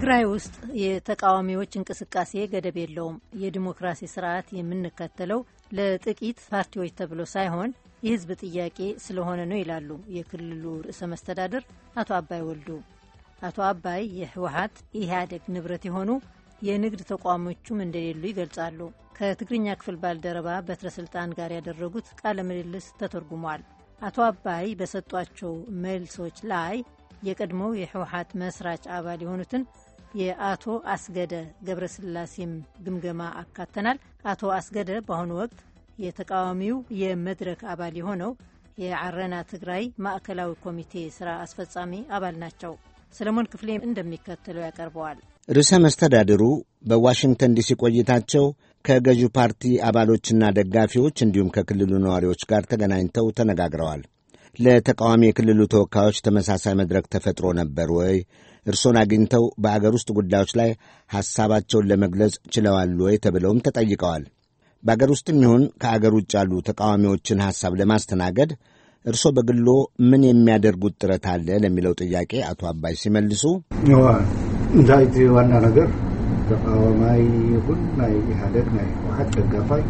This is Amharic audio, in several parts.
ትግራይ ውስጥ የተቃዋሚዎች እንቅስቃሴ ገደብ የለውም። የዲሞክራሲ ስርዓት የምንከተለው ለጥቂት ፓርቲዎች ተብሎ ሳይሆን የህዝብ ጥያቄ ስለሆነ ነው ይላሉ የክልሉ ርዕሰ መስተዳድር አቶ አባይ ወልዱ። አቶ አባይ የህወሀት ኢህአዴግ ንብረት የሆኑ የንግድ ተቋሞቹም እንደሌሉ ይገልጻሉ። ከትግርኛ ክፍል ባልደረባ በትረስልጣን ጋር ያደረጉት ቃለ ምልልስ ተተርጉሟል። አቶ አባይ በሰጧቸው መልሶች ላይ የቀድሞው የህወሀት መስራች አባል የሆኑትን የአቶ አስገደ ገብረስላሴም ግምገማ አካተናል። አቶ አስገደ በአሁኑ ወቅት የተቃዋሚው የመድረክ አባል የሆነው የአረና ትግራይ ማዕከላዊ ኮሚቴ ስራ አስፈጻሚ አባል ናቸው። ሰለሞን ክፍሌ እንደሚከተለው ያቀርበዋል። ርዕሰ መስተዳድሩ በዋሽንግተን ዲሲ ቆይታቸው ከገዢው ፓርቲ አባሎችና ደጋፊዎች እንዲሁም ከክልሉ ነዋሪዎች ጋር ተገናኝተው ተነጋግረዋል። ለተቃዋሚ የክልሉ ተወካዮች ተመሳሳይ መድረክ ተፈጥሮ ነበር ወይ? እርሶን አግኝተው በአገር ውስጥ ጉዳዮች ላይ ሐሳባቸውን ለመግለጽ ችለዋል ወይ ተብለውም ተጠይቀዋል። በአገር ውስጥም ይሁን ከአገር ውጭ ያሉ ተቃዋሚዎችን ሐሳብ ለማስተናገድ እርሶ በግሎ ምን የሚያደርጉት ጥረት አለ ለሚለው ጥያቄ አቶ አባይ ሲመልሱ እንዳይቲ ዋና ነገር ተቃዋማይ ይሁን ናይ ኢህአደግ ናይ ህወሓት ደጋፋይ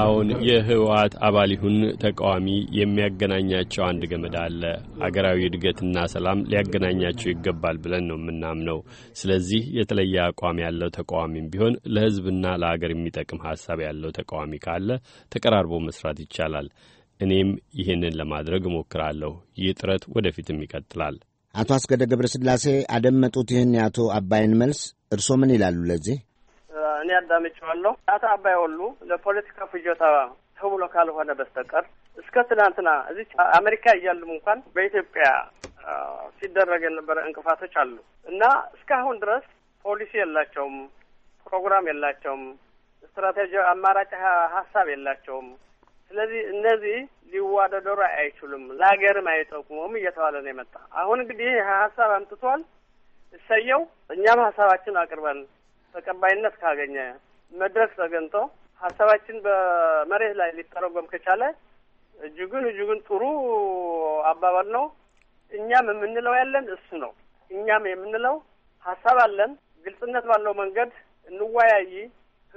አሁን የህወሓት አባል ይሁን ተቃዋሚ የሚያገናኛቸው አንድ ገመድ አለ። ሀገራዊ እድገትና ሰላም ሊያገናኛቸው ይገባል ብለን ነው የምናምነው። ስለዚህ የተለየ አቋም ያለው ተቃዋሚም ቢሆን ለህዝብና ለሀገር የሚጠቅም ሀሳብ ያለው ተቃዋሚ ካለ ተቀራርቦ መስራት ይቻላል። እኔም ይህንን ለማድረግ እሞክራለሁ። ይህ ጥረት ወደፊትም ይቀጥላል። አቶ አስገደ ገብረ ስላሴ አደመጡት። ይህን የአቶ አባይን መልስ እርሶ ምን ይላሉ ለዚህ? እኔ አዳምጨዋለሁ። አቶ አባይ ወሉ ለፖለቲካ ፍጆታ ተብሎ ካልሆነ በስተቀር እስከ ትናንትና እዚች አሜሪካ እያሉም እንኳን በኢትዮጵያ ሲደረግ የነበረ እንቅፋቶች አሉ እና እስካሁን ድረስ ፖሊሲ የላቸውም፣ ፕሮግራም የላቸውም፣ ስትራቴጂ አማራጭ ሀሳብ የላቸውም። ስለዚህ እነዚህ ሊዋደደሩ አይችሉም፣ ለሀገርም አይጠቁሙም እየተባለ ነው የመጣ። አሁን እንግዲህ ሀሳብ አምጥቷል፣ እሰየው። እኛም ሀሳባችን አቅርበን ተቀባይነት ካገኘ መድረክ ተገንቶ ሀሳባችን በመሬት ላይ ሊተረጎም ከቻለ እጅጉን እጅጉን ጥሩ አባባል ነው። እኛም የምንለው ያለን እሱ ነው። እኛም የምንለው ሀሳብ አለን። ግልጽነት ባለው መንገድ እንወያይ።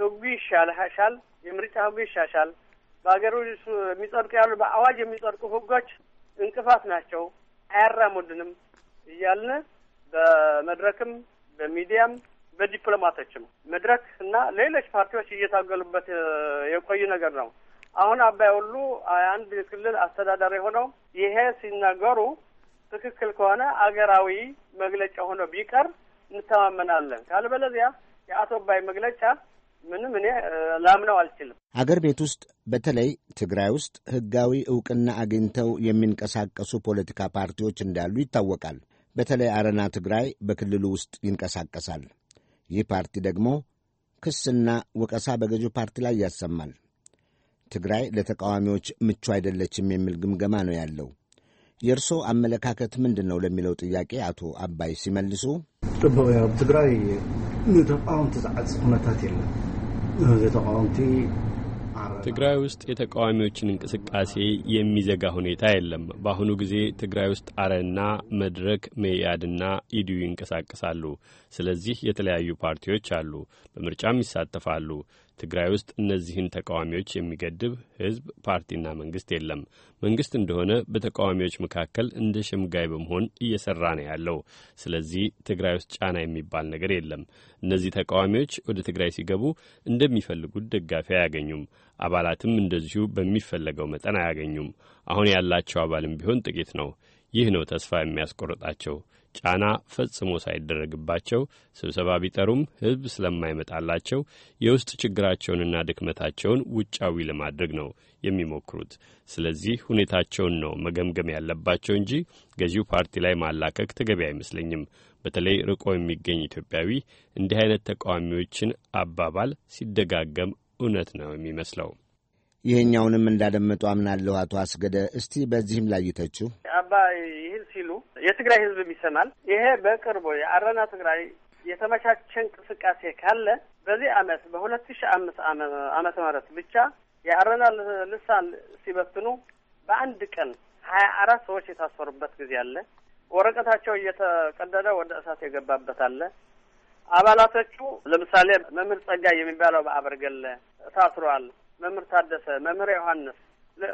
ህጉ ይሻሻል፣ የምርጫ ህጉ ይሻሻል። በሀገሩ የሚጸድቁ ያሉ በአዋጅ የሚጸድቁ ህጎች እንቅፋት ናቸው፣ አያራሙድንም እያልን በመድረክም በሚዲያም በዲፕሎማቶችም መድረክ እና ሌሎች ፓርቲዎች እየታገሉበት የቆዩ ነገር ነው። አሁን አባይ ሁሉ አንድ ክልል አስተዳዳሪ ሆነው ይሄ ሲነገሩ ትክክል ከሆነ አገራዊ መግለጫ ሆኖ ቢቀር እንተማመናለን። ካልበለዚያ የአቶ አባይ መግለጫ ምንም እኔ ላምነው አልችልም። አገር ቤት ውስጥ በተለይ ትግራይ ውስጥ ህጋዊ እውቅና አግኝተው የሚንቀሳቀሱ ፖለቲካ ፓርቲዎች እንዳሉ ይታወቃል። በተለይ አረና ትግራይ በክልሉ ውስጥ ይንቀሳቀሳል። ይህ ፓርቲ ደግሞ ክስና ወቀሳ በገዢው ፓርቲ ላይ ያሰማል። ትግራይ ለተቃዋሚዎች ምቹ አይደለችም የሚል ግምገማ ነው ያለው። የእርስ አመለካከት ምንድን ነው ለሚለው ጥያቄ አቶ አባይ ሲመልሱ ጥቡቅ ትግራይ ንተቃወምቲ ዝዓፅ ኩነታት የለን እዚ ትግራይ ውስጥ የተቃዋሚዎችን እንቅስቃሴ የሚዘጋ ሁኔታ የለም። በአሁኑ ጊዜ ትግራይ ውስጥ አረና፣ መድረክ፣ መኢአድና ኢዲዩ ይንቀሳቀሳሉ። ስለዚህ የተለያዩ ፓርቲዎች አሉ፣ በምርጫም ይሳተፋሉ። ትግራይ ውስጥ እነዚህን ተቃዋሚዎች የሚገድብ ህዝብ፣ ፓርቲና መንግስት የለም። መንግስት እንደሆነ በተቃዋሚዎች መካከል እንደ ሸምጋይ በመሆን እየሰራ ነው ያለው። ስለዚህ ትግራይ ውስጥ ጫና የሚባል ነገር የለም። እነዚህ ተቃዋሚዎች ወደ ትግራይ ሲገቡ እንደሚፈልጉት ደጋፊ አያገኙም። አባላትም እንደዚሁ በሚፈለገው መጠን አያገኙም። አሁን ያላቸው አባልም ቢሆን ጥቂት ነው። ይህ ነው ተስፋ የሚያስቆርጣቸው። ጫና ፈጽሞ ሳይደረግባቸው ስብሰባ ቢጠሩም ሕዝብ ስለማይመጣላቸው የውስጥ ችግራቸውንና ድክመታቸውን ውጫዊ ለማድረግ ነው የሚሞክሩት። ስለዚህ ሁኔታቸውን ነው መገምገም ያለባቸው እንጂ ገዢው ፓርቲ ላይ ማላከክ ተገቢ አይመስለኝም። በተለይ ርቆ የሚገኝ ኢትዮጵያዊ እንዲህ አይነት ተቃዋሚዎችን አባባል ሲደጋገም እውነት ነው የሚመስለው። ይሄኛውንም እንዳደመጡ አምናለሁ። አቶ አስገደ እስቲ በዚህም ላይ ይተችው አባ ይህን ሲሉ የትግራይ ህዝብም ይሰማል። ይሄ በቅርቡ የአረና ትግራይ የተመቻቸ እንቅስቃሴ ካለ በዚህ አመት በሁለት ሺ አምስት አመተ ምህረት ብቻ የአረና ልሳን ሲበትኑ በአንድ ቀን ሀያ አራት ሰዎች የታሰሩበት ጊዜ አለ። ወረቀታቸው እየተቀደደ ወደ እሳት የገባበት አለ። አባላቶቹ ለምሳሌ መምህር ጸጋ የሚባለው በአበርገለ ታስሯል። መምህር ታደሰ፣ መምህር ዮሐንስ፣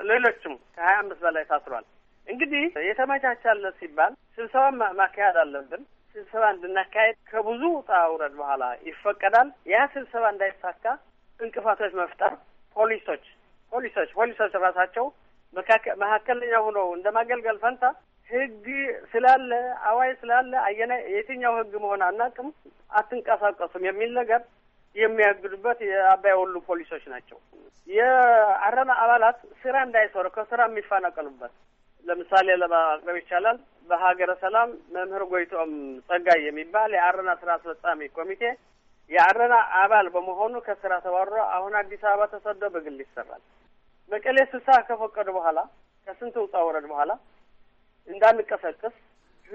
ሌሎችም ከሀያ አምስት በላይ ታስሯል። እንግዲህ የተመቻቻለት ሲባል ስብሰባ ማካሄድ አለብን። ስብሰባ እንድናካሄድ ከብዙ ውጣ ውረድ በኋላ ይፈቀዳል። ያ ስብሰባ እንዳይሳካ እንቅፋቶች መፍጠር ፖሊሶች ፖሊሶች ፖሊሶች ራሳቸው መካከለኛ ሆነው እንደ ማገልገል ፈንታ ህግ ስላለ አዋይ ስላለ አየና የትኛው ህግ መሆን አናውቅም አትንቀሳቀሱም የሚል ነገር የሚያግዱበት የአባይ ወሉ ፖሊሶች ናቸው። የአረና አባላት ስራ እንዳይሰሩ ከስራ የሚፈናቀሉበት ለምሳሌ ለማቅረብ ይቻላል። በሀገረ ሰላም መምህር ጎይቶም ጸጋይ የሚባል የአረና ስራ አስፈጻሚ ኮሚቴ የአረና አባል በመሆኑ ከስራ ተባሮ አሁን አዲስ አበባ ተሰዶ በግል ይሰራል። መቀሌ ስልሳ ከፈቀዱ በኋላ ከስንት ውጣ ወረድ በኋላ እንዳንቀሰቅስ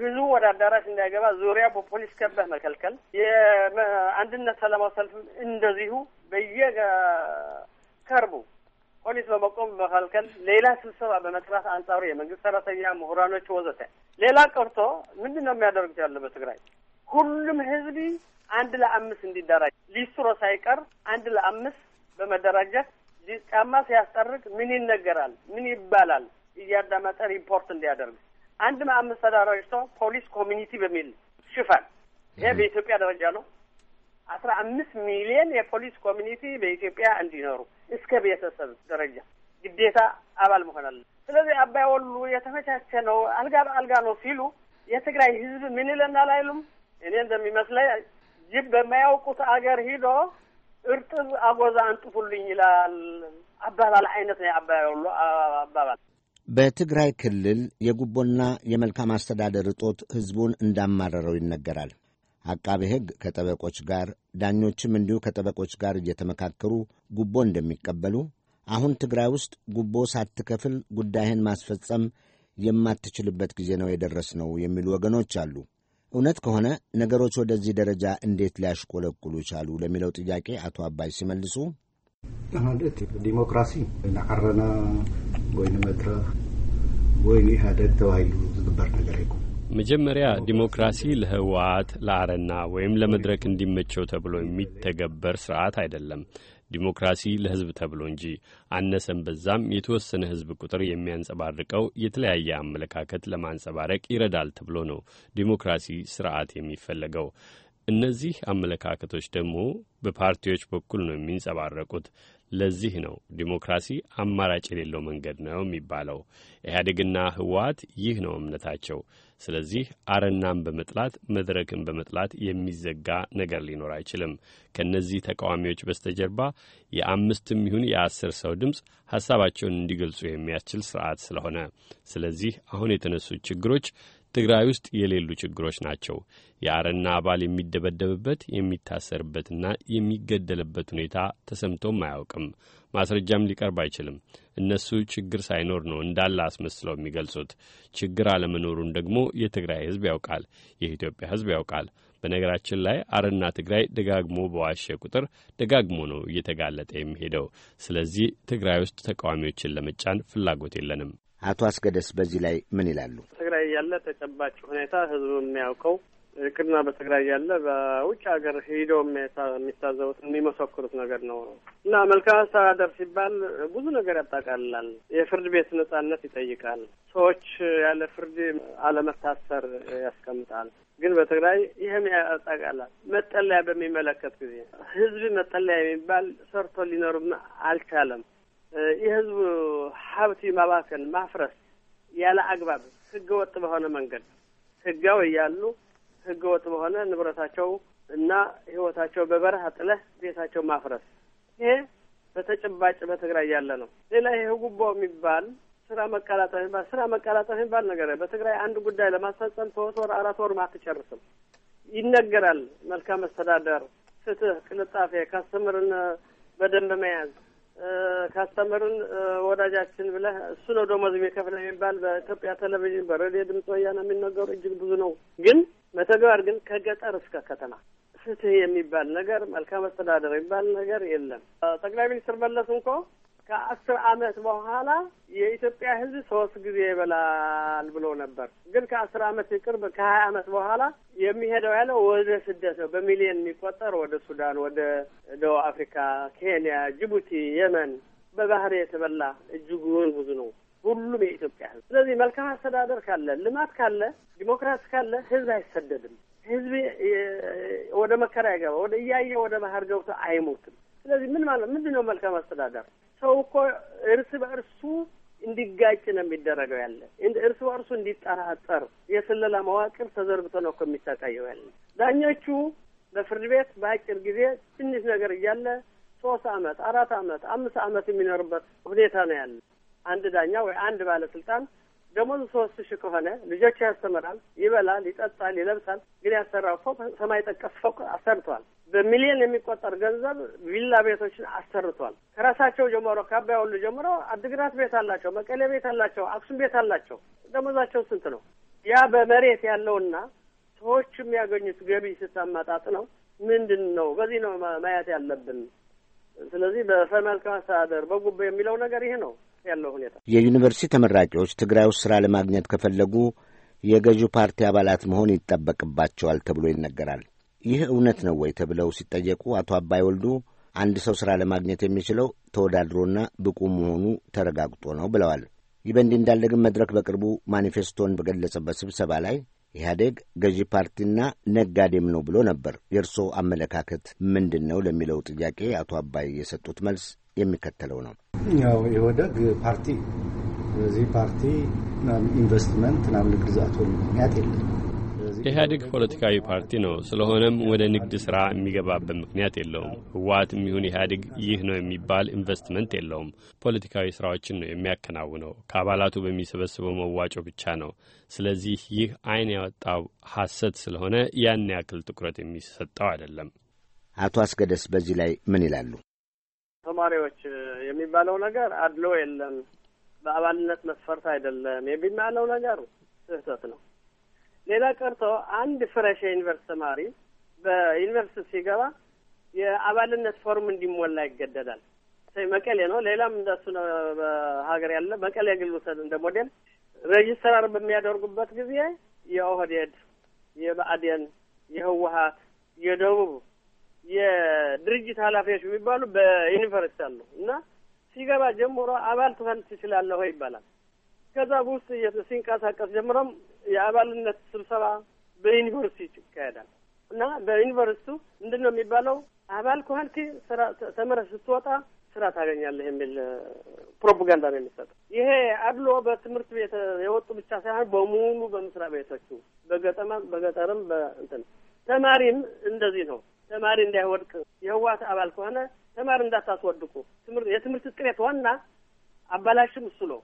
ህዝቡ ወደ አዳራሽ እንዳይገባ ዙሪያ በፖሊስ ከበህ መከልከል፣ የአንድነት ሰላማዊ ሰልፍ እንደዚሁ በየከርቡ ፖሊስ በመቆም መከልከል፣ ሌላ ስብሰባ በመስራት አንጻሩ የመንግስት ሰራተኛ፣ ምሁራኖች ወዘተ። ሌላ ቀርቶ ምንድን ነው የሚያደርጉት ያለ በትግራይ ሁሉም ህዝቢ አንድ ለአምስት እንዲደራጅ ሊስትሮ ሳይቀር አንድ ለአምስት በመደራጀት ጫማ ሲያስጠርግ ምን ይነገራል፣ ምን ይባላል እያዳመጠ ሪፖርት እንዲያደርግ አንድ ማዕመስ ተደራጅቶ ፖሊስ ኮሚኒቲ በሚል ሽፋን ይሄ በኢትዮጵያ ደረጃ ነው። አስራ አምስት ሚሊዮን የፖሊስ ኮሚኒቲ በኢትዮጵያ እንዲኖሩ እስከ ቤተሰብ ደረጃ ግዴታ አባል መሆን አለ። ስለዚህ አባይ ወሉ የተመቻቸ ነው፣ አልጋ በአልጋ ነው ሲሉ የትግራይ ህዝብ ምን ይለናል አይሉም። እኔ እንደሚመስለኝ ጅብ በማያውቁት አገር ሂዶ እርጥብ አጎዛ አንጥፉልኝ ይላል አባባል አይነት ነው የአባይ ወሉ አባባል። በትግራይ ክልል የጉቦና የመልካም አስተዳደር እጦት ሕዝቡን እንዳማረረው ይነገራል። አቃቤ ሕግ ከጠበቆች ጋር፣ ዳኞችም እንዲሁ ከጠበቆች ጋር እየተመካከሩ ጉቦ እንደሚቀበሉ አሁን ትግራይ ውስጥ ጉቦ ሳትከፍል ጉዳይህን ማስፈጸም የማትችልበት ጊዜ ነው የደረስ ነው የሚሉ ወገኖች አሉ። እውነት ከሆነ ነገሮች ወደዚህ ደረጃ እንዴት ሊያሽቆለቁሉ ይቻሉ ለሚለው ጥያቄ አቶ አባይ ሲመልሱ ዲሞክራሲ ንዓረና ወይም መድረክ ወይም ኢህአዴግ ተባሂሉ ዝግበር ነገር የለም። መጀመሪያ ዲሞክራሲ ለህወሓት ለአረና ወይም ለመድረክ እንዲመቸው ተብሎ የሚተገበር ስርዓት አይደለም። ዲሞክራሲ ለህዝብ ተብሎ እንጂ አነሰም በዛም የተወሰነ ህዝብ ቁጥር የሚያንጸባርቀው የተለያየ አመለካከት ለማንጸባረቅ ይረዳል ተብሎ ነው ዲሞክራሲ ስርዓት የሚፈለገው። እነዚህ አመለካከቶች ደግሞ በፓርቲዎች በኩል ነው የሚንጸባረቁት። ለዚህ ነው ዲሞክራሲ አማራጭ የሌለው መንገድ ነው የሚባለው። ኢህአዴግና ህወሓት ይህ ነው እምነታቸው። ስለዚህ አረናን በመጥላት መድረክን በመጥላት የሚዘጋ ነገር ሊኖር አይችልም። ከእነዚህ ተቃዋሚዎች በስተጀርባ የአምስትም ይሁን የአስር ሰው ድምፅ ሀሳባቸውን እንዲገልጹ የሚያስችል ስርዓት ስለሆነ ስለዚህ አሁን የተነሱት ችግሮች ትግራይ ውስጥ የሌሉ ችግሮች ናቸው። የአረና አባል የሚደበደብበት የሚታሰርበትና የሚገደልበት ሁኔታ ተሰምቶም አያውቅም። ማስረጃም ሊቀርብ አይችልም። እነሱ ችግር ሳይኖር ነው እንዳለ አስመስለው የሚገልጹት። ችግር አለመኖሩን ደግሞ የትግራይ ሕዝብ ያውቃል፣ የኢትዮጵያ ሕዝብ ያውቃል። በነገራችን ላይ አረና ትግራይ ደጋግሞ በዋሸ ቁጥር ደጋግሞ ነው እየተጋለጠ የሚሄደው። ስለዚህ ትግራይ ውስጥ ተቃዋሚዎችን ለመጫን ፍላጎት የለንም። አቶ አስገደስ በዚህ ላይ ምን ይላሉ? ትግራይ ያለ ተጨባጭ ሁኔታ ህዝቡ የሚያውቀው እቅድና በትግራይ ያለ በውጭ ሀገር ሄዶ የሚታዘቡት የሚመሰክሩት ነገር ነው እና መልካም አስተዳደር ሲባል ብዙ ነገር ያጠቃልላል። የፍርድ ቤት ነጻነት ይጠይቃል። ሰዎች ያለ ፍርድ አለመታሰር ያስቀምጣል። ግን በትግራይ ይህም ያጠቃላል። መጠለያ በሚመለከት ጊዜ ህዝብ መጠለያ የሚባል ሰርቶ ሊኖርም አልቻለም። የህዝብ ሀብት ማባከን፣ ማፍረስ ያለ አግባብ ህገ ወጥ በሆነ መንገድ ህጋዊ ያሉ ህገ ወጥ በሆነ ንብረታቸው እና ህይወታቸው በበረሃ ጥለህ ቤታቸው ማፍረስ ይሄ በተጨባጭ በትግራይ ያለ ነው። ሌላ ይሄ ጉቦ የሚባል ስራ መቀላጠፍ የሚባል ስራ መቀላጠፍ የሚባል ነገር በትግራይ አንድ ጉዳይ ለማስፈጸም ሶስት ወር አራት ወር አትጨርስም። ይነገራል። መልካም መስተዳደር፣ ፍትህ፣ ቅልጣፌ፣ ካስተምርን በደንብ መያዝ ካስተምርን ወዳጃችን ብለህ እሱ ነው ደሞዝ የሚከፍለው የሚባል በኢትዮጵያ ቴሌቪዥን በሬዲዮ ድምፅ ወያነ የሚነገሩ እጅግ ብዙ ነው። ግን በተግባር ግን ከገጠር እስከ ከተማ ፍትህ የሚባል ነገር መልካም አስተዳደር የሚባል ነገር የለም። ጠቅላይ ሚኒስትር መለስ እንኳ ከአስር አመት በኋላ የኢትዮጵያ ህዝብ ሶስት ጊዜ ይበላል ብሎ ነበር። ግን ከአስር አመት ቅርብ ከሀያ አመት በኋላ የሚሄደው ያለው ወደ ስደት ነው። በሚሊዮን የሚቆጠር ወደ ሱዳን፣ ወደ ደቡብ አፍሪካ፣ ኬንያ፣ ጅቡቲ፣ የመን በባህር የተበላ እጅጉን ብዙ ነው። ሁሉም የኢትዮጵያ ህዝብ። ስለዚህ መልካም አስተዳደር ካለ፣ ልማት ካለ፣ ዲሞክራሲ ካለ ህዝብ አይሰደድም። ህዝብ ወደ መከራ ይገባ ወደ እያየ ወደ ባህር ገብቶ አይሞትም። ስለዚህ ምን ማለት ምንድን ነው መልካም አስተዳደር? ሰው እኮ እርስ በእርሱ እንዲጋጭ ነው የሚደረገው ያለ እርስ በእርሱ እንዲጠራጠር የስለላ መዋቅር ተዘርግቶ ነው እኮ የሚሰቃየው ያለ ዳኞቹ በፍርድ ቤት በአጭር ጊዜ ትንሽ ነገር እያለ ሶስት አመት አራት አመት አምስት አመት የሚኖርበት ሁኔታ ነው ያለ አንድ ዳኛ ወይ አንድ ባለስልጣን ደሞዙ ሶስት ሺህ ከሆነ ልጆች ያስተምራል፣ ይበላል፣ ይጠጣል፣ ይለብሳል። ግን ያሰራው ፎቅ ሰማይ ጠቀስ ፎቅ አሰርቷል። በሚሊዮን የሚቆጠር ገንዘብ ቪላ ቤቶችን አሰርቷል። ከራሳቸው ጀምሮ ከአባይ ወሉ ጀምሮ አድግራት ቤት አላቸው፣ መቀሌ ቤት አላቸው፣ አክሱም ቤት አላቸው። ደሞዛቸው ስንት ነው? ያ በመሬት ያለውና ሰዎች የሚያገኙት ገቢ ስታማጣጥ ነው ምንድን ነው? በዚህ ነው ማየት ያለብን። ስለዚህ በመልካም አስተዳደር በጉቦ የሚለው ነገር ይሄ ነው። ያለው ሁኔታ። የዩኒቨርሲቲ ተመራቂዎች ትግራይ ውስጥ ስራ ለማግኘት ከፈለጉ የገዢው ፓርቲ አባላት መሆን ይጠበቅባቸዋል ተብሎ ይነገራል። ይህ እውነት ነው ወይ ተብለው ሲጠየቁ አቶ አባይ ወልዱ አንድ ሰው ስራ ለማግኘት የሚችለው ተወዳድሮና ብቁ መሆኑ ተረጋግጦ ነው ብለዋል። ይህ በእንዲህ እንዳለ ግን መድረክ በቅርቡ ማኒፌስቶን በገለጸበት ስብሰባ ላይ ኢህአዴግ ገዢ ፓርቲና ነጋዴም ነው ብሎ ነበር። የእርስዎ አመለካከት ምንድን ነው ለሚለው ጥያቄ አቶ አባይ የሰጡት መልስ የሚከተለው ነው። ያው የወደግ ፓርቲ በዚህ ፓርቲ ኢንቨስትመንት ናም ንግድ ዛቶ ምክንያት የለም። ኢህአዴግ ፖለቲካዊ ፓርቲ ነው። ስለሆነም ወደ ንግድ ስራ የሚገባበት ምክንያት የለውም። ህወሓትም ይሁን ኢህአዴግ ይህ ነው የሚባል ኢንቨስትመንት የለውም። ፖለቲካዊ ስራዎችን ነው የሚያከናውነው ከአባላቱ በሚሰበስበው መዋጮ ብቻ ነው። ስለዚህ ይህ አይን ያወጣው ሀሰት ስለሆነ ያን ያክል ትኩረት የሚሰጠው አይደለም። አቶ አስገደስ በዚህ ላይ ምን ይላሉ? ተማሪዎች የሚባለው ነገር አድሎ የለም፣ በአባልነት መስፈርት አይደለም የሚባለው ነገር ስህተት ነው። ሌላ ቀርቶ አንድ ፍረሽ የዩኒቨርስቲ ተማሪ በዩኒቨርስቲ ሲገባ የአባልነት ፎርም እንዲሞላ ይገደዳል። መቀሌ ነው፣ ሌላም እንደሱ ሀገር ያለ መቀሌ ግል እንደ ሞዴል ሬጅስትራር በሚያደርጉበት ጊዜ የኦህዴድ፣ የብአዴን፣ የህወሀት፣ የደቡብ የድርጅት ኃላፊዎች የሚባሉ በዩኒቨርስቲ አሉ እና ሲገባ ጀምሮ አባል ትፈል ትችላለሁ ይባላል። ከዛ ውስጥ ሲንቀሳቀስ ጀምሮም የአባልነት ስብሰባ በዩኒቨርሲቲ ይካሄዳል እና በዩኒቨርሲቲው ምንድን ነው የሚባለው አባል ከሆንክ ስራ ተምረህ ስትወጣ ስራ ታገኛለህ የሚል ፕሮፓጋንዳ ነው የሚሰጠው። ይሄ አድሎ በትምህርት ቤት የወጡ ብቻ ሳይሆን በሙሉ በመስሪያ ቤቶቹ በገጠማ በገጠርም በእንትን ተማሪም እንደዚህ ነው። ተማሪ እንዳይወድቅ የህወሓት አባል ከሆነ ተማሪ እንዳታስወድቁ። የትምህርት ጥሬት ዋና አባላሽም እሱ ነው፣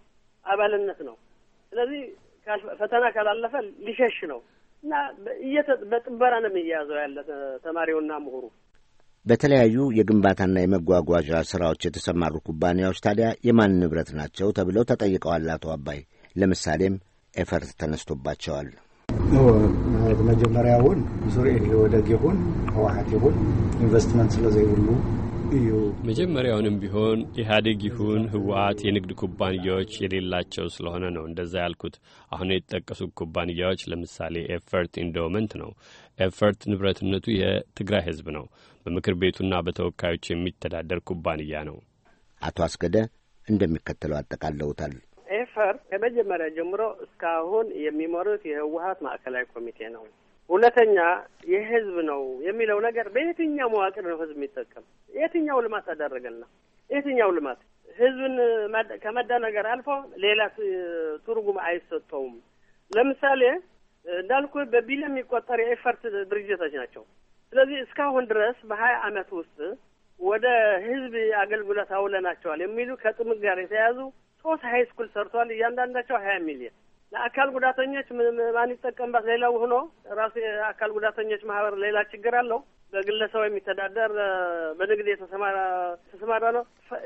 አባልነት ነው። ስለዚህ ፈተና ካላለፈ ሊሸሽ ነው እና በጥበራ ነው የሚያያዘው ያለ ተማሪውና ምሁሩ። በተለያዩ የግንባታና የመጓጓዣ ስራዎች የተሰማሩ ኩባንያዎች ታዲያ የማን ንብረት ናቸው ተብለው ተጠይቀዋል አቶ አባይ። ለምሳሌም ኤፈርት ተነስቶባቸዋል። መጀመሪያውን ዙርኤን የወደግ ይሁን ህወሀት ይሁን ኢንቨስትመንት ስለዘይብሉ እዩ። መጀመሪያውንም ቢሆን ኢህአዴግ ይሁን ህወሀት የንግድ ኩባንያዎች የሌላቸው ስለሆነ ነው እንደዛ ያልኩት። አሁን የተጠቀሱ ኩባንያዎች ለምሳሌ ኤፈርት ኢንዶመንት ነው። ኤፈርት ንብረትነቱ የትግራይ ህዝብ ነው። በምክር ቤቱና በተወካዮች የሚተዳደር ኩባንያ ነው። አቶ አስገደ እንደሚከተለው አጠቃለውታል። ሰፈር ከመጀመሪያ ጀምሮ እስካሁን የሚመሩት የህወሀት ማዕከላዊ ኮሚቴ ነው። ሁለተኛ የህዝብ ነው የሚለው ነገር በየትኛው መዋቅር ነው ህዝብ የሚጠቀም? የትኛው ልማት አዳረገልና? የትኛው ልማት ህዝብን ከመዳነገር አልፎ ሌላ ትርጉም አይሰጠውም። ለምሳሌ እንዳልኩ በቢሊዮን የሚቆጠር የኤፈርት ድርጅቶች ናቸው። ስለዚህ እስካሁን ድረስ በሀያ አመት ውስጥ ወደ ህዝብ አገልግሎት አውለናቸዋል የሚሉ ከጥምር ጋር የተያዙ ሶስት ሀይ ስኩል ሰርቷል። እያንዳንዳቸው ሀያ ሚሊዮን ለአካል ጉዳተኞች ማን ይጠቀምበት? ሌላው ሆኖ ራሱ የአካል ጉዳተኞች ማህበር ሌላ ችግር አለው። በግለሰቡ የሚተዳደር በንግድ የተሰማራ ነው።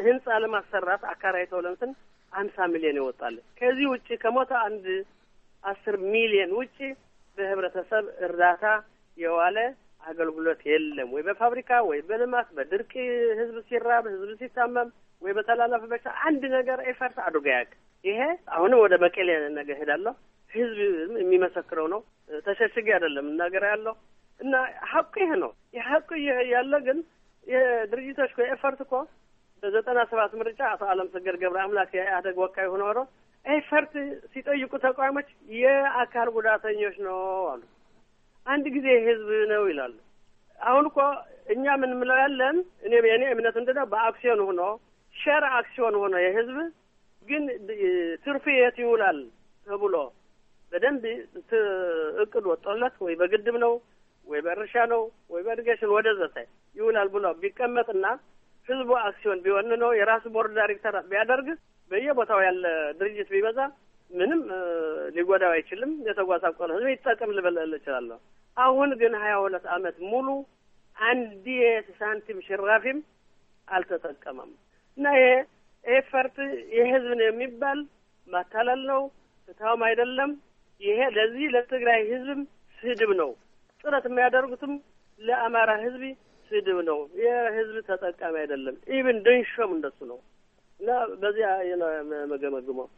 ህንጻ ለማሰራት አካራይተው ለምትን አምሳ ሚሊዮን ይወጣል። ከዚህ ውጭ ከሞተ አንድ አስር ሚሊዮን ውጭ በህብረተሰብ እርዳታ የዋለ አገልግሎት የለም። ወይ በፋብሪካ ወይ በልማት በድርቅ ህዝብ ሲራብ ህዝብ ሲታመም ወይ በተላለፈ በሽታ አንድ ነገር ኤፈርት አድርጎ ያውቅ። ይሄ አሁንም ወደ መቀሌ ነገ ሄዳለሁ ህዝብ የሚመሰክረው ነው። ተሸሽጌ አይደለም እናገር ያለው እና ሀቁ ይሄ ነው። የሀቁ ያለ ግን የድርጅቶች እኮ ኤፈርት እኮ በዘጠና ሰባት ምርጫ አቶ አለም ሰገድ ገብረ አምላክ የኢህአደግ ወካይ ሆኖ ኤፈርት ሲጠይቁ ተቋሞች የአካል ጉዳተኞች ነው አሉ። አንድ ጊዜ ህዝብ ነው ይላሉ። አሁን እኮ እኛ ምን ምለው ያለን እኔ የኔ እምነት ምንድን ነው? በአክሲዮን ሆኖ ሸር አክሲዮን ሆኖ የህዝብ ግን ትርፍ የት ይውላል ተብሎ በደንብ እቅድ ወጦለት ወይ በግድብ ነው ወይ በእርሻ ነው ወይ በእድጌሽን ወደ ዘተ ይውላል ብሎ ቢቀመጥና ህዝቡ አክሲዮን ቢወን ነው የራሱ ቦርድ ዳይሬክተር ቢያደርግ በየቦታው ያለ ድርጅት ቢበዛ ምንም ሊጎዳው አይችልም። የተጓሳቆለ ህዝብ ይጠቅም ልበለል እችላለሁ። አሁን ግን ሀያ ሁለት አመት ሙሉ አንድ ሳንቲም ሽራፊም አልተጠቀመም እና ይሄ ኤፈርት ፈርት የህዝብ ነው የሚባል ማታለል ነው፣ ፍትሀውም አይደለም። ይሄ ለዚህ ለትግራይ ህዝብም ስድብ ነው። ጥረት የሚያደርጉትም ለአማራ ህዝብ ስድብ ነው። የህዝብ ተጠቃሚ አይደለም። ኢብን ድንሾም እንደሱ ነው እና በዚያ መገመግመው